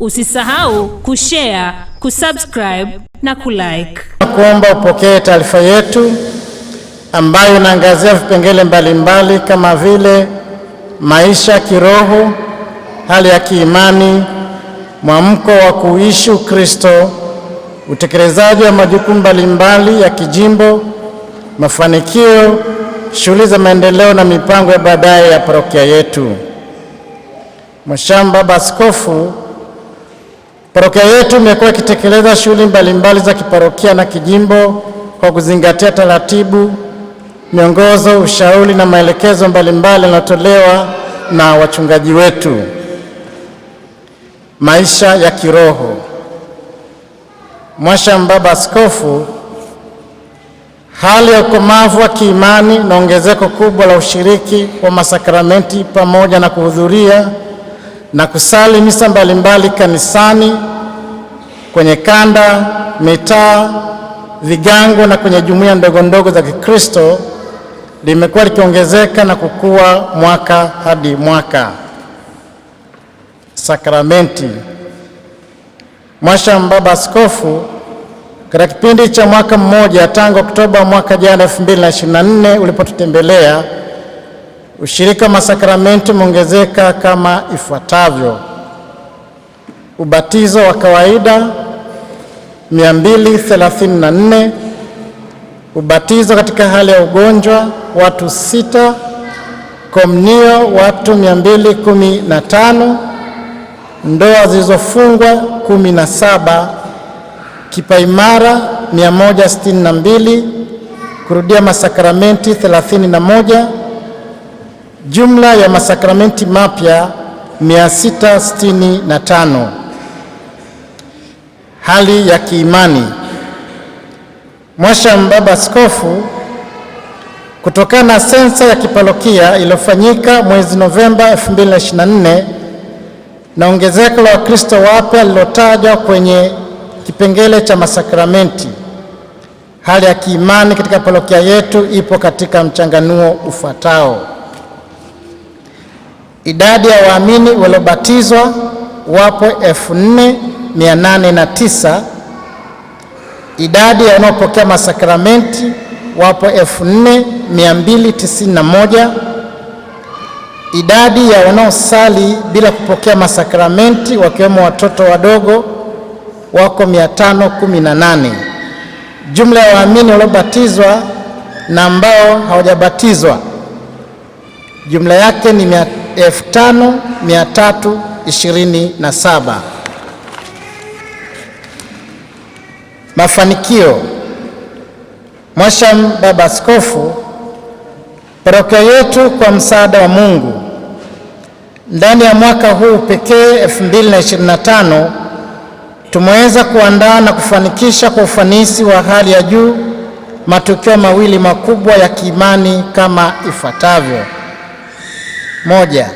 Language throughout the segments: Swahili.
Usisahau kushare, kusubscribe na kulike. Nakuomba upokee taarifa yetu ambayo inaangazia vipengele mbalimbali mbali kama vile maisha ya kiroho, hali ya kiimani, mwamko wa kuishi Ukristo, utekelezaji wa majukumu mbalimbali ya kijimbo, mafanikio, shughuli za maendeleo na mipango ya baadaye ya parokia yetu. mwashamba Baba Askofu Parokia yetu imekuwa ikitekeleza shughuli mbalimbali za kiparokia na kijimbo kwa kuzingatia taratibu, miongozo, ushauri na maelekezo mbalimbali yanayotolewa na wachungaji wetu. Maisha ya kiroho. Mwashambaba Askofu, hali ya ukomavu wa kiimani na ongezeko kubwa la ushiriki wa masakramenti pamoja na kuhudhuria na kusali misa mbalimbali kanisani, kwenye kanda, mitaa, vigango na kwenye jumuiya ndogo ndogo za Kikristo limekuwa likiongezeka na kukua mwaka hadi mwaka. Sakramenti. Mwasha Baba Askofu, katika kipindi cha mwaka mmoja tangu Oktoba mwaka jana 2024 ulipotutembelea Ushirika wa masakramenti umeongezeka kama ifuatavyo: ubatizo wa kawaida 234, ubatizo katika hali ya ugonjwa watu sita, komnio watu 215, ndoa zilizofungwa 17, kipaimara 162, kurudia masakramenti 31 Jumla ya masakramenti mapya 665. Hali ya kiimani. Mwasha Baba Askofu, kutokana na sensa ya kiparokia iliyofanyika mwezi Novemba 2024 na ongezeko la Wakristo wapya lilotajwa kwenye kipengele cha masakramenti, hali ya kiimani katika parokia yetu ipo katika mchanganuo ufuatao. Idadi ya waamini waliobatizwa wapo 4809. Idadi ya wanaopokea masakramenti wapo 4291. Idadi ya wanaosali bila kupokea masakramenti wakiwemo watoto wadogo wako 518. Jumla ya waamini waliobatizwa na ambao hawajabatizwa jumla yake ni 5327. Mafanikio. Mwasham Baba Askofu, parokia yetu kwa msaada wa Mungu, ndani ya mwaka huu pekee 2025 tumeweza kuandaa na kufanikisha kwa ufanisi wa hali ya juu matukio mawili makubwa ya kiimani kama ifuatavyo. Moja,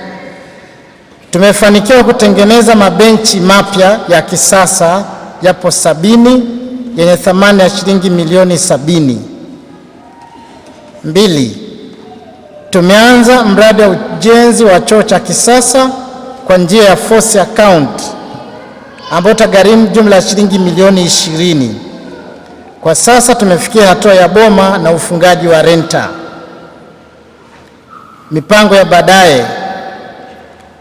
tumefanikiwa kutengeneza mabenchi mapya ya kisasa yapo sabini yenye thamani ya shilingi milioni sabini. Mbili, tumeanza mradi wa ujenzi wa choo cha kisasa kwa njia ya force account ambao utagharimu jumla ya shilingi milioni ishirini. Kwa sasa tumefikia hatua ya boma na ufungaji wa renta mipango ya baadaye.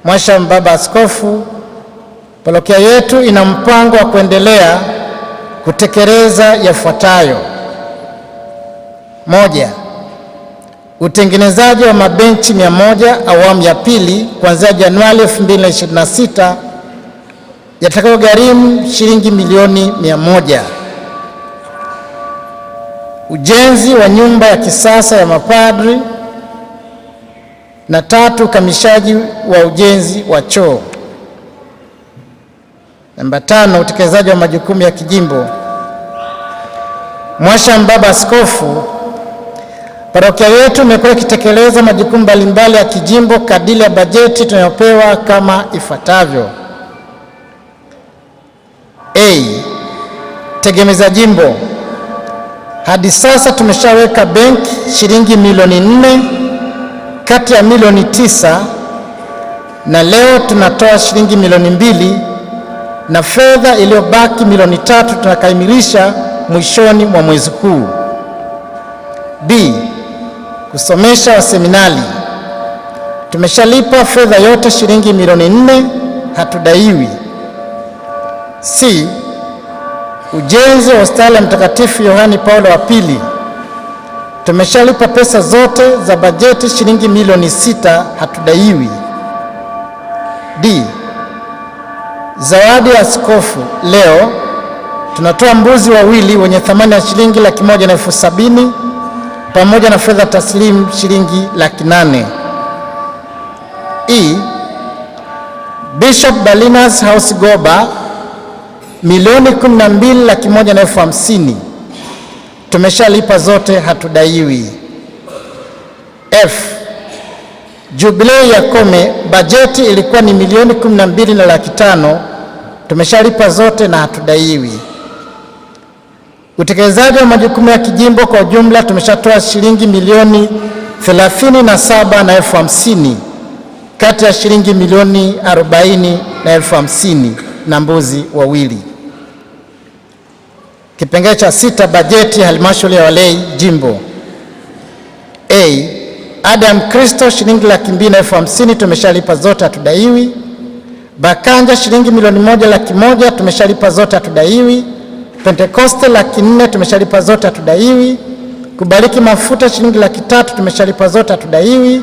Mwasham Baba Askofu, parokia yetu ina mpango wa kuendelea kutekeleza yafuatayo: moja, utengenezaji wa mabenchi mia moja awamu ya pili kuanzia Januari 2026 yatakayogharimu shilingi milioni mia moja. Ujenzi wa nyumba ya kisasa ya mapadri na tatu, ukamilishaji wa ujenzi wa choo. Namba tano, utekelezaji wa majukumu ya kijimbo. Mwasham Baba Askofu, parokia yetu imekuwa ikitekeleza majukumu mbalimbali ya kijimbo kadiri ya bajeti tunayopewa kama ifuatavyo: A, tegemeza jimbo. Hadi sasa tumeshaweka benki shilingi milioni nne kati ya milioni tisa na leo tunatoa shilingi milioni mbili na fedha iliyobaki milioni tatu tunakamilisha mwishoni mwa mwezi huu. B, kusomesha waseminari, tumeshalipa fedha yote shilingi milioni nne, hatudaiwi. C, ujenzi wa hospitali ya Mtakatifu Yohani Paulo wa pili Tumeshalipa pesa zote za bajeti shilingi milioni sita, hatudaiwi. D. Zawadi ya askofu leo tunatoa mbuzi wawili wenye thamani ya shilingi laki moja na elfu sabini pamoja na fedha taslimu shilingi laki nane. E. Bishop house goba milioni 12 laki moja na elfu hamsini tumeshalipa zote, hatudaiwi. F, Jubilei Yakome bajeti ilikuwa ni milioni kumi na mbili na laki tano, tumeshalipa zote na hatudaiwi. Utekelezaji wa majukumu ya kijimbo kwa ujumla tumeshatoa shilingi milioni thelathini na saba na elfu hamsini kati ya shilingi milioni arobaini na elfu hamsini na mbuzi wawili. Kipengele cha sita, bajeti halmashauri ya walei jimbo. A, ada ya Mkristo shilingi laki mbili na elfu hamsini tumeshalipa zote, hatudaiwi. Bakanja shilingi milioni moja laki moja tumeshalipa zote, hatudaiwi. Pentekoste laki nne tumeshalipa zote, hatudaiwi. Kubariki mafuta shilingi laki tatu tumeshalipa zote, hatudaiwi.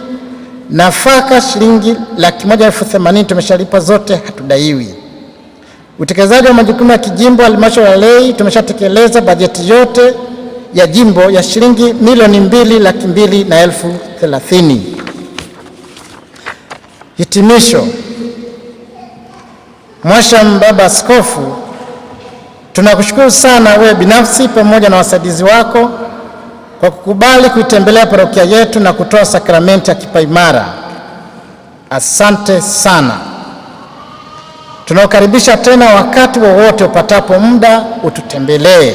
Nafaka shilingi laki moja elfu themanini tumeshalipa zote, hatudaiwi. Utekelezaji wa majukumu ya kijimbo halmashauri ya Lei, tumeshatekeleza bajeti yote ya jimbo ya shilingi milioni mbili laki mbili na elfu thelathini. Hitimisho. Mwasham Baba Askofu, tunakushukuru sana wewe binafsi pamoja na wasaidizi wako kwa kukubali kuitembelea parokia yetu na kutoa sakramenti ya kipaimara. Asante sana. Tunaokaribisha tena wakati wowote wa upatapo muda ututembelee.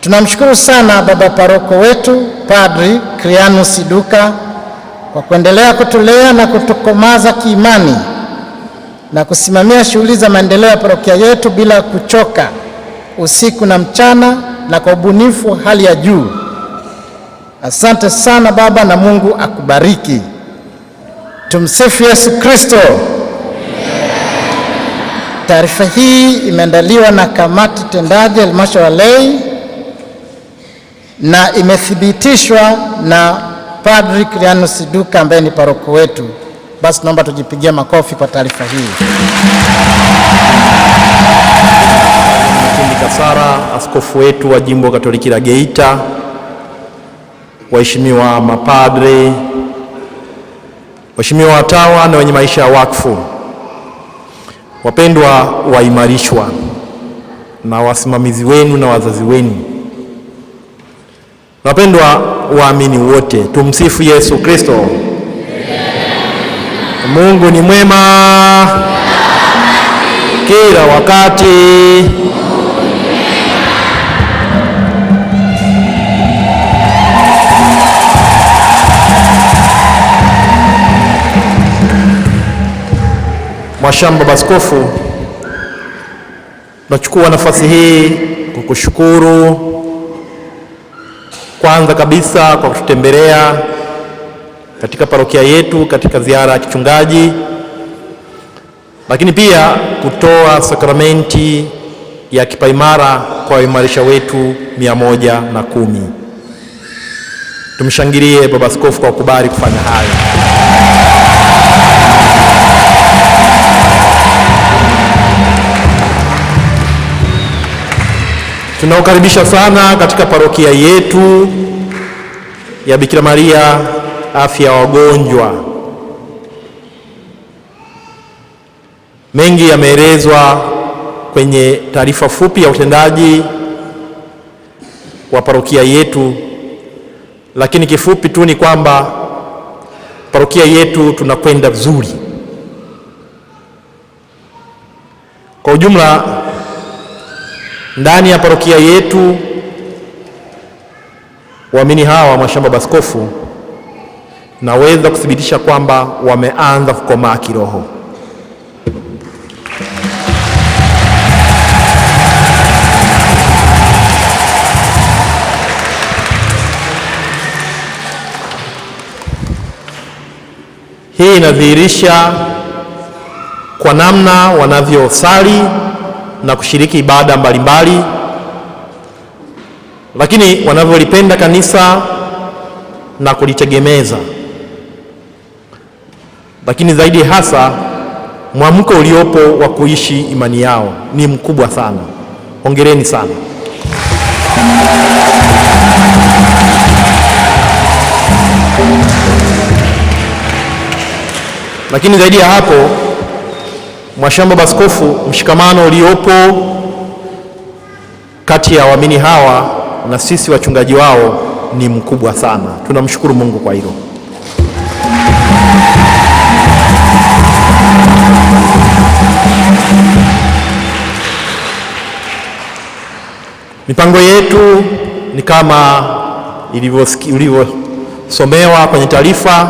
Tunamshukuru sana baba paroko wetu Padri Krianus duka kwa kuendelea kutulea na kutukomaza kiimani na kusimamia shughuli za maendeleo ya parokia yetu bila kuchoka, usiku na mchana, na kwa ubunifu wa hali ya juu. Asante sana baba, na Mungu akubariki. Tumsifu Yesu Kristo. Taarifa hii imeandaliwa na kamati tendaji halmashauri ya Lei na imethibitishwa na Padri Kriano Siduka ambaye ni paroko wetu. Basi naomba tujipigia makofi kwa taarifa hii. Kasara, askofu wetu wa jimbo Katoliki la Geita, waheshimiwa mapadre, waheshimiwa watawa na wenye maisha ya wakfu Wapendwa, waimarishwa na wasimamizi wenu na wazazi wenu. Wapendwa waamini wote, tumsifu Yesu Kristo. Mungu ni mwema kila wakati. Mashamba Baskofu, nachukua nafasi hii kukushukuru kwanza kabisa kwa kututembelea katika parokia yetu katika ziara ya kichungaji, lakini pia kutoa sakramenti ya kipaimara kwa waimarisha wetu mia moja na kumi. Tumshangilie Baba Askofu kwa kubali kufanya hayo. Tunaokaribisha sana katika parokia yetu ya Bikira Maria afya ya wagonjwa. Mengi yameelezwa kwenye taarifa fupi ya utendaji wa parokia yetu, lakini kifupi tu ni kwamba parokia yetu tunakwenda vizuri kwa ujumla ndani ya parokia yetu. Waamini hawa mwashamba baskofu, naweza kuthibitisha kwamba wameanza kukomaa kiroho. Hii inadhihirisha kwa namna wanavyosali na kushiriki ibada mbalimbali, lakini wanavyolipenda kanisa na kulitegemeza, lakini zaidi hasa mwamko uliopo wa kuishi imani yao ni mkubwa sana. Hongereni sana. Lakini zaidi ya hapo Mwashamba Baskofu, mshikamano uliopo kati ya waamini hawa na sisi wachungaji wao ni mkubwa sana. Tunamshukuru Mungu kwa hilo. Mipango yetu ni kama ilivyosomewa kwenye taarifa.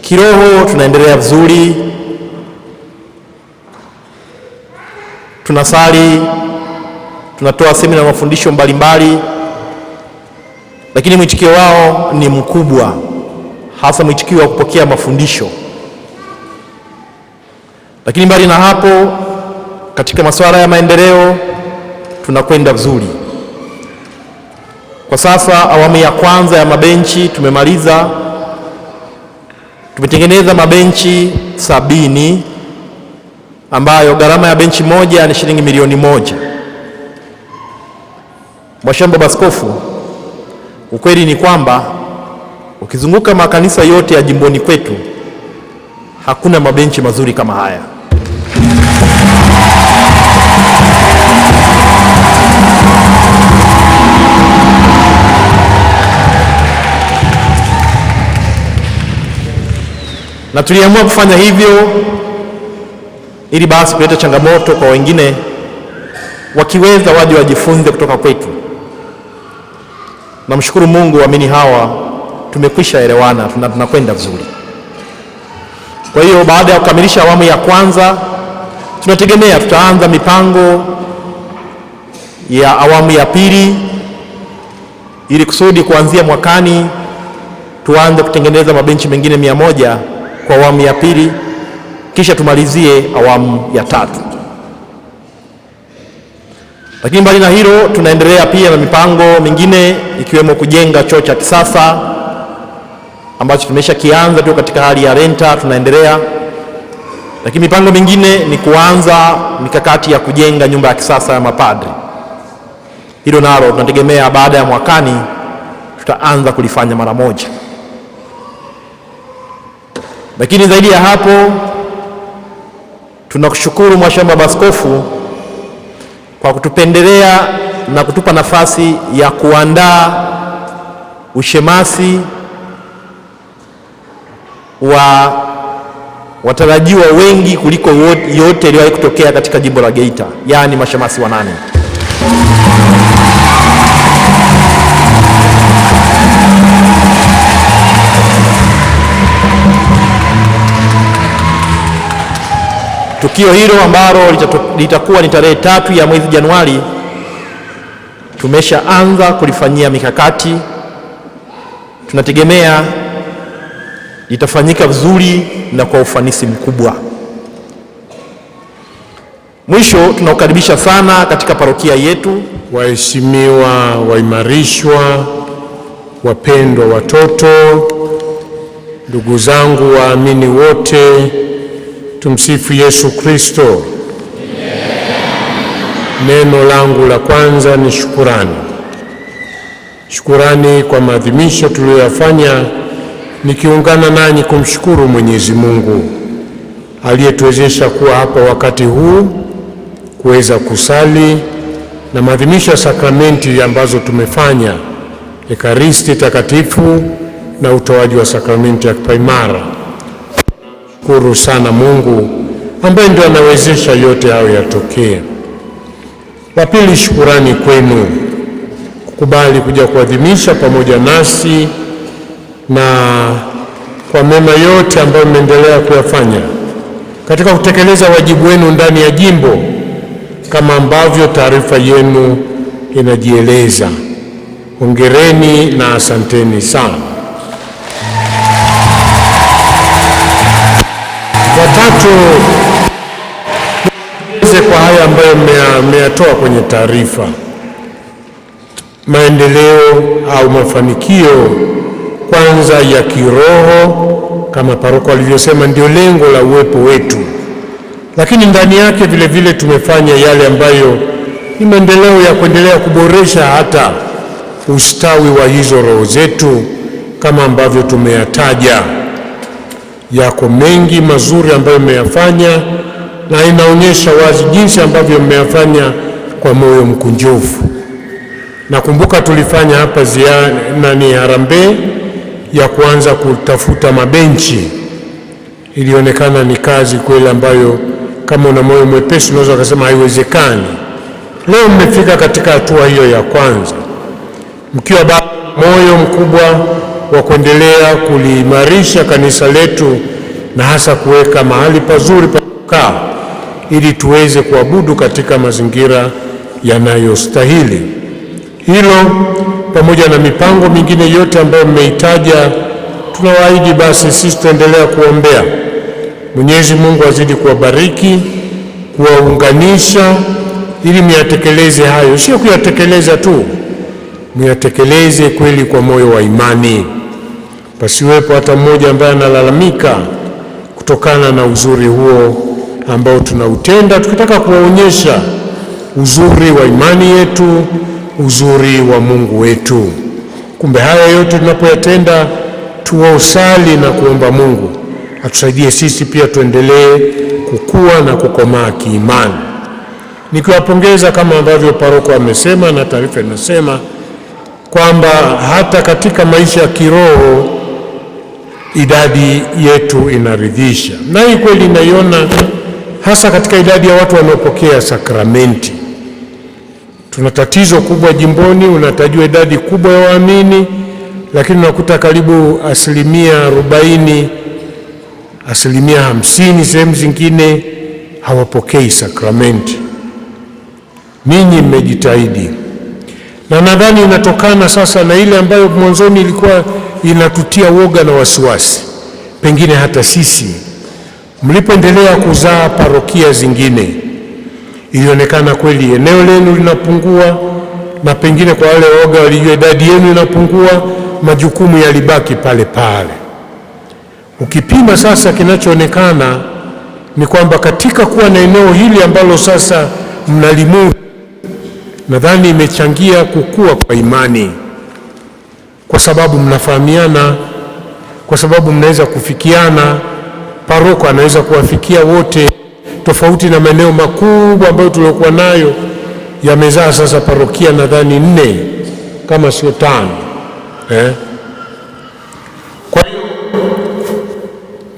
Kiroho tunaendelea vizuri tunasali, tunatoa semina na mafundisho mbalimbali, lakini mwitikio wao ni mkubwa, hasa mwitikio wa kupokea mafundisho. Lakini mbali na hapo, katika masuala ya maendeleo tunakwenda vizuri. Kwa sasa awamu ya kwanza ya mabenchi tumemaliza, tumetengeneza mabenchi sabini ambayo gharama ya benchi moja ni shilingi milioni moja. Mwashamba Baskofu, ukweli ni kwamba ukizunguka makanisa yote ya jimboni kwetu hakuna mabenchi mazuri kama haya. Na tuliamua kufanya hivyo ili basi kuleta changamoto kwa wengine, wakiweza waje wajifunze kutoka kwetu. Namshukuru Mungu, waamini hawa tumekwisha elewana tunakwenda vizuri. Kwa hiyo baada ya kukamilisha awamu ya kwanza, tunategemea tutaanza mipango ya awamu ya pili, ili kusudi kuanzia mwakani tuanze kutengeneza mabenchi mengine mia moja kwa awamu ya pili kisha tumalizie awamu ya tatu. Lakini mbali na hilo, tunaendelea pia na mipango mingine ikiwemo kujenga choo cha kisasa ambacho tumesha kianza, tu katika hali ya renta, tunaendelea. Lakini mipango mingine ni kuanza mikakati ya kujenga nyumba ya kisasa ya mapadri. Hilo nalo tunategemea baada ya mwakani tutaanza kulifanya mara moja. Lakini zaidi ya hapo Tunakushukuru Mhashamu Baba Askofu kwa kutupendelea na kutupa nafasi ya kuandaa ushemasi wa watarajiwa wengi kuliko yote iliyowahi kutokea katika jimbo la Geita, yaani mashemasi wanane. Tukio hilo ambalo litakuwa ni tarehe tatu ya mwezi Januari, tumeshaanza kulifanyia mikakati, tunategemea litafanyika vizuri na kwa ufanisi mkubwa. Mwisho, tunakukaribisha sana katika parokia yetu. Waheshimiwa waimarishwa, wapendwa watoto, ndugu zangu waamini wote Tumsifu Yesu Kristo. Neno langu la kwanza ni shukurani. Shukurani kwa maadhimisho tuliyoyafanya, nikiungana nanyi kumshukuru Mwenyezi Mungu aliyetuwezesha kuwa hapa wakati huu kuweza kusali na maadhimisho ya sakramenti ambazo tumefanya, Ekaristi Takatifu na utoaji wa sakramenti ya Kipaimara huru sana Mungu ambaye ndio anawezesha yote hayo yatokee. La pili, shukurani kwenu kukubali kuja kuadhimisha pamoja nasi na kwa mema yote ambayo mmeendelea kuyafanya katika kutekeleza wajibu wenu ndani ya jimbo kama ambavyo taarifa yenu inajieleza. Hongereni na asanteni sana. watu kwa haya ambayo mmeyatoa kwenye taarifa, maendeleo au mafanikio kwanza ya kiroho, kama paroko alivyosema, ndio lengo la uwepo wetu, lakini ndani yake vile vile tumefanya yale ambayo ni maendeleo ya kuendelea kuboresha hata ustawi wa hizo roho zetu kama ambavyo tumeyataja. Yako mengi mazuri ambayo mmeyafanya na inaonyesha wazi jinsi ambavyo mmeyafanya kwa moyo mkunjufu. Nakumbuka tulifanya hapa zia, nani harambee ya kuanza kutafuta mabenchi, ilionekana ni kazi kweli ambayo kama una moyo mwepesi unaweza ukasema haiwezekani. Leo mmefika katika hatua hiyo ya kwanza mkiwa bado moyo mkubwa wa kuendelea kuliimarisha kanisa letu na hasa kuweka mahali pazuri pa kukaa ili tuweze kuabudu katika mazingira yanayostahili. Hilo pamoja na mipango mingine yote ambayo mmeitaja, tunawaahidi basi sisi tutaendelea kuombea Mwenyezi Mungu azidi kuwabariki, kuwaunganisha ili myatekeleze hayo, sio kuyatekeleza tu, myatekeleze kweli kwa moyo wa imani pasiwepo hata mmoja ambaye analalamika kutokana na uzuri huo ambao tunautenda, tukitaka kuwaonyesha uzuri wa imani yetu, uzuri wa Mungu wetu. Kumbe haya yote tunapoyatenda, tuwaosali na kuomba Mungu atusaidie sisi pia tuendelee kukua na kukomaa kiimani. Nikiwapongeza kama ambavyo paroko amesema na taarifa inasema kwamba hata katika maisha ya kiroho idadi yetu inaridhisha, na hii kweli inaiona hasa katika idadi ya watu wanaopokea sakramenti. Tuna tatizo kubwa jimboni, unatajua idadi kubwa ya waamini, lakini unakuta karibu asilimia arobaini, asilimia hamsini sehemu zingine hawapokei sakramenti. Ninyi mmejitahidi, na nadhani inatokana sasa na ile ambayo mwanzoni ilikuwa inatutia woga na wasiwasi, pengine hata sisi. Mlipoendelea kuzaa parokia zingine, ilionekana kweli eneo lenu linapungua, na pengine kwa wale woga walijua idadi yenu inapungua, majukumu yalibaki pale pale. Ukipima sasa, kinachoonekana ni kwamba katika kuwa na eneo hili ambalo sasa mnalimudu, nadhani imechangia kukua kwa imani kwa sababu mnafahamiana, kwa sababu mnaweza kufikiana. Paroko anaweza kuwafikia wote, tofauti na maeneo makubwa ambayo tuliokuwa nayo yamezaa sasa parokia nadhani nne kama sio tano eh? Kwa hiyo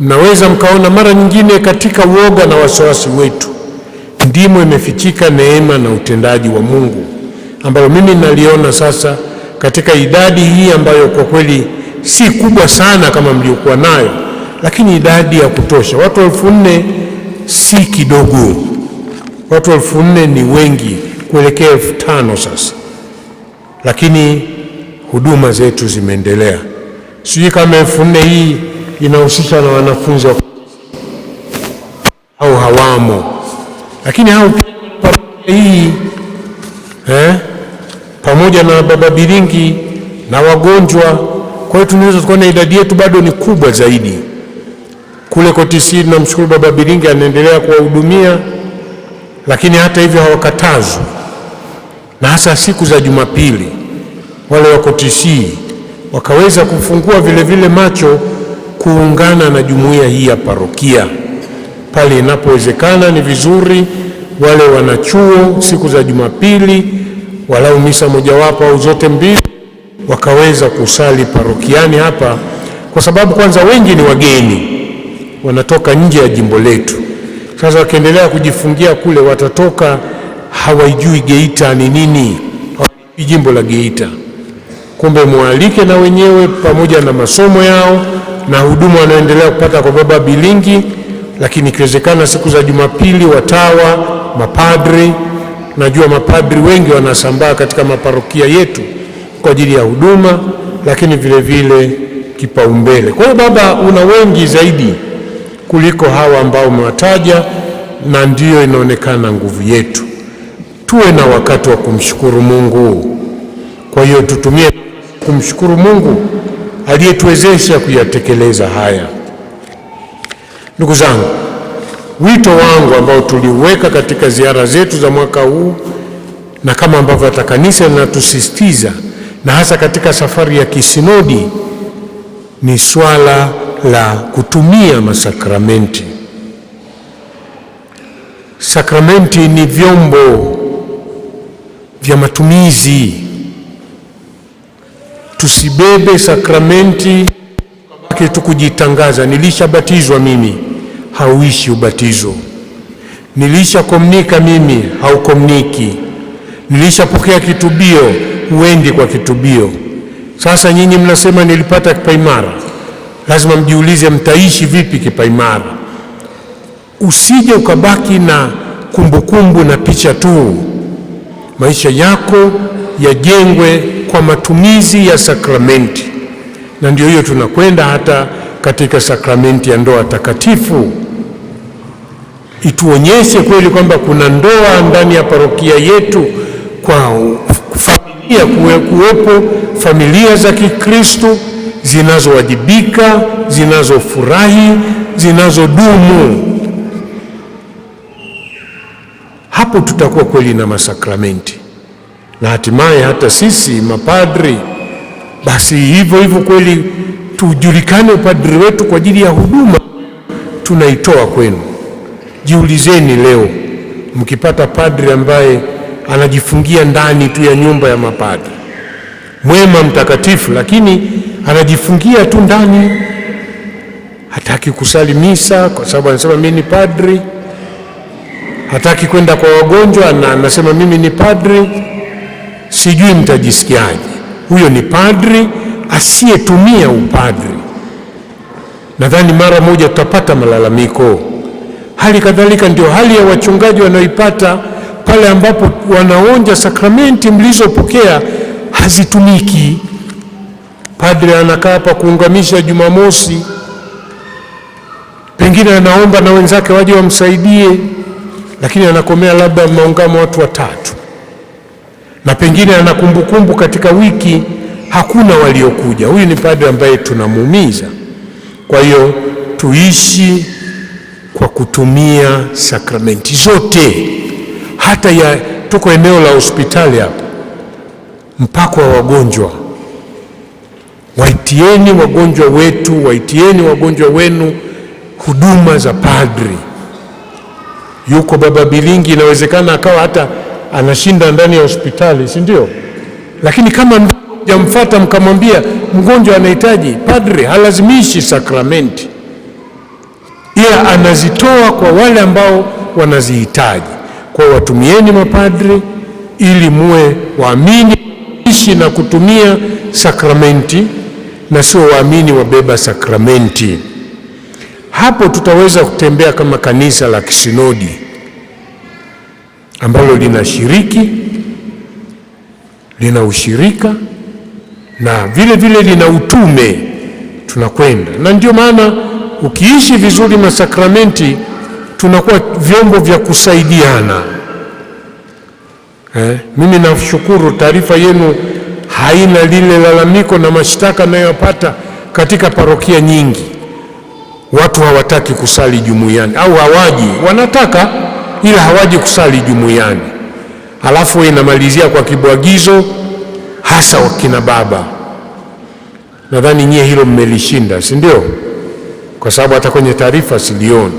mnaweza mkaona mara nyingine katika uoga na wasiwasi wetu ndimo imefichika neema na utendaji wa Mungu, ambayo mimi naliona sasa katika idadi hii ambayo kwa kweli si kubwa sana kama mliokuwa nayo, lakini idadi ya kutosha. Watu elfu nne si kidogo, watu elfu nne ni wengi kuelekea elfu tano sasa, lakini huduma zetu zimeendelea. Sijui kama elfu nne hii inahusisha na wanafunzi wa au hawamo, lakini hao pia hii eh? pamoja na baba Biringi na wagonjwa. Kwa hiyo tunaweza tukaona idadi yetu bado ni kubwa zaidi. Kule Kotisii namshukuru baba Biringi anaendelea kuwahudumia, lakini hata hivyo hawakatazwi, na hasa siku za Jumapili wale wa Kotisii wakaweza kufungua vile vile macho kuungana na jumuiya hii ya parokia pale inapowezekana. Ni vizuri wale wanachuo siku za Jumapili walau misa mojawapo au zote mbili, wakaweza kusali parokiani hapa, kwa sababu kwanza wengi ni wageni, wanatoka nje ya jimbo letu. Sasa wakiendelea kujifungia kule, watatoka hawaijui Geita ni nini, hawajui jimbo la Geita. Kumbe mwalike na wenyewe pamoja na masomo yao na huduma wanaoendelea kupata kwa Baba Bilingi, lakini ikiwezekana siku za Jumapili watawa, mapadri Najua mapadri wengi wanasambaa katika maparokia yetu kwa ajili ya huduma, lakini vile vile kipaumbele. Kwa hiyo, baba, una wengi zaidi kuliko hawa ambao umewataja, na ndiyo inaonekana nguvu yetu. Tuwe na wakati wa kumshukuru Mungu. Kwa hiyo, tutumie kumshukuru Mungu aliyetuwezesha kuyatekeleza haya. Ndugu zangu wito wangu ambao tuliweka katika ziara zetu za mwaka huu na kama ambavyo hata kanisa linatusisitiza na hasa katika safari ya kisinodi ni swala la kutumia masakramenti. Sakramenti ni vyombo vya matumizi. Tusibebe sakramenti tukabaki tu kujitangaza, nilishabatizwa mimi hauishi ubatizo. Nilishakomunika mimi, haukomuniki. Nilishapokea kitubio, huendi kwa kitubio. Sasa nyinyi mnasema nilipata kipaimara, lazima mjiulize, mtaishi vipi kipaimara? Usije ukabaki na kumbukumbu kumbu na picha tu. Maisha yako yajengwe kwa matumizi ya sakramenti, na ndio hiyo tunakwenda hata katika sakramenti ya ndoa takatifu ituonyeshe kweli kwamba kuna ndoa ndani ya parokia yetu, kwa familia kuwepo familia za Kikristo zinazowajibika, zinazofurahi, zinazodumu. Hapo tutakuwa kweli na masakramenti na hatimaye hata sisi mapadri basi hivyo hivyo kweli tujulikane upadri wetu kwa ajili ya huduma tunaitoa kwenu. Jiulizeni leo, mkipata padri ambaye anajifungia ndani tu ya nyumba ya mapadri, mwema mtakatifu, lakini anajifungia tu ndani, hataki kusali misa kwa sababu anasema mimi ni padri, hataki kwenda kwa wagonjwa na anasema mimi ni padri, sijui mtajisikiaje. Huyo ni padri asiyetumia upadri. Nadhani mara moja tutapata malalamiko. Hali kadhalika ndio hali ya wachungaji wanaoipata pale ambapo wanaonja sakramenti mlizopokea hazitumiki. Padri anakaa hapa kuungamisha Jumamosi, pengine anaomba na wenzake waje wamsaidie, lakini anakomea labda maungamo watu watatu, na pengine ana kumbukumbu katika wiki hakuna waliokuja. Huyu ni padre ambaye tunamuumiza. Kwa hiyo tuishi kwa kutumia sakramenti zote, hata ya tuko eneo la hospitali hapa, mpako wa wagonjwa, waitieni wagonjwa wetu, waitieni wagonjwa wenu huduma za padri. Yuko baba Bilingi, inawezekana akawa hata anashinda ndani ya hospitali, si ndio? Lakini kama jamfata mkamwambia mgonjwa anahitaji, padre halazimishi sakramenti, ila anazitoa kwa wale ambao wanazihitaji. Kwa watumieni mapadre ili muwe waamini ishi na kutumia sakramenti na sio waamini wabeba sakramenti. Hapo tutaweza kutembea kama kanisa la kisinodi ambalo linashiriki lina ushirika na vile vile lina utume, tunakwenda na ndio maana ukiishi vizuri masakramenti tunakuwa vyombo vya kusaidiana eh. Mimi nashukuru taarifa yenu haina lile lalamiko na mashtaka nayopata katika parokia nyingi. Watu hawataki kusali jumuiani au hawaji, wanataka ila hawaji kusali jumuiani, alafu inamalizia kwa kibwagizo hasa kina baba. Nadhani nyie hilo mmelishinda, si ndio? Kwa sababu hata kwenye taarifa silioni.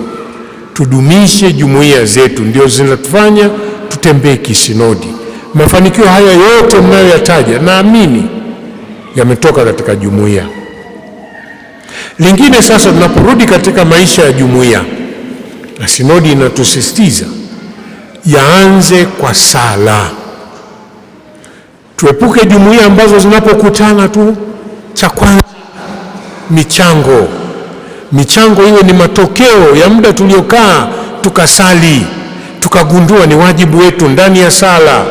Tudumishe jumuiya zetu, ndio zinatufanya tutembee kisinodi. Mafanikio haya yote mnayoyataja, naamini yametoka katika jumuiya. Lingine sasa, tunaporudi katika maisha ya jumuiya, na sinodi inatusisitiza yaanze kwa sala. Tuepuke jumuiya ambazo zinapokutana tu, cha kwanza michango. Michango hiyo ni matokeo ya muda tuliokaa tukasali, tukagundua ni wajibu wetu ndani ya sala,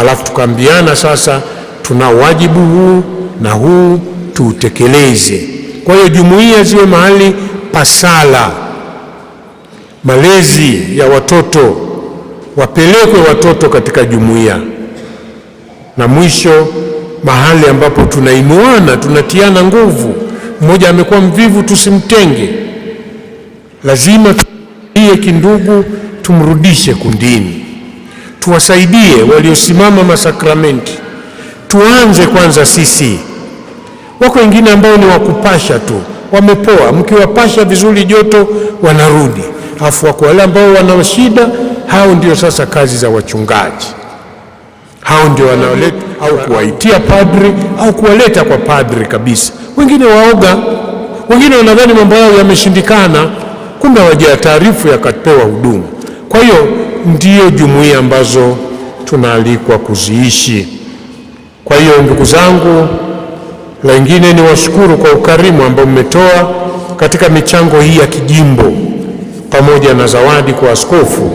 alafu tukaambiana sasa, tuna wajibu huu na huu tuutekeleze. Kwa hiyo jumuiya ziwe mahali pa sala. Malezi ya watoto, wapelekwe watoto katika jumuiya na mwisho mahali ambapo tunainuana, tunatiana nguvu. Mmoja amekuwa mvivu, tusimtenge, lazima tuie kindugu, tumrudishe kundini, tuwasaidie waliosimama masakramenti. Tuanze kwanza sisi. Wako wengine ambao ni wakupasha tu, wamepoa, mkiwapasha vizuri joto wanarudi, alafu wako wale ambao wana shida, hao ndio sasa kazi za wachungaji hao ndio wanaoleta au kuwaitia padri au kuwaleta kwa padri kabisa. Wengine waoga, wengine wanadhani mambo yao yameshindikana, kumbe hawajaya taarifu yakapewa huduma. Kwa hiyo ndiyo jumuiya ambazo tunaalikwa kuziishi. Kwa hiyo ndugu zangu, lengine ni washukuru kwa ukarimu ambao mmetoa katika michango hii ya kijimbo pamoja na zawadi kwa askofu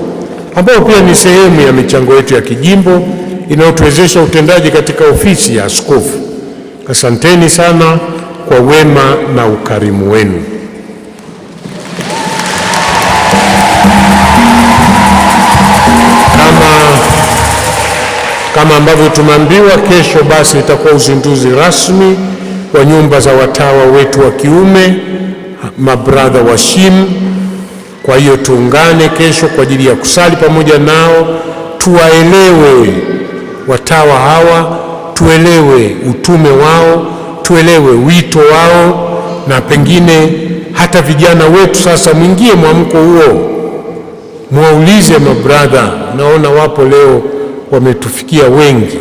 ambao pia ni sehemu ya michango yetu ya kijimbo inayotuwezesha utendaji katika ofisi ya askofu. Asanteni sana kwa wema na ukarimu wenu. Kama ambavyo tumeambiwa, kesho basi itakuwa uzinduzi rasmi wa nyumba za watawa wetu wa kiume mabradha wa Shim. Kwa hiyo tuungane kesho kwa ajili ya kusali pamoja nao, tuwaelewe watawa hawa, tuelewe utume wao, tuelewe wito wao, na pengine hata vijana wetu sasa mwingie mwamko huo, mwaulize mabradha. Naona wapo leo wametufikia wengi,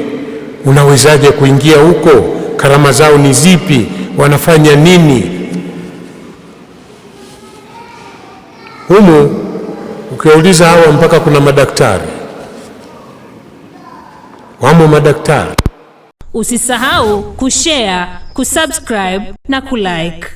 unawezaje kuingia huko? Karama zao ni zipi? Wanafanya nini humu? Ukiwauliza hawa, mpaka kuna madaktari wamo madaktari. Usisahau kushare, kusubscribe na kulike.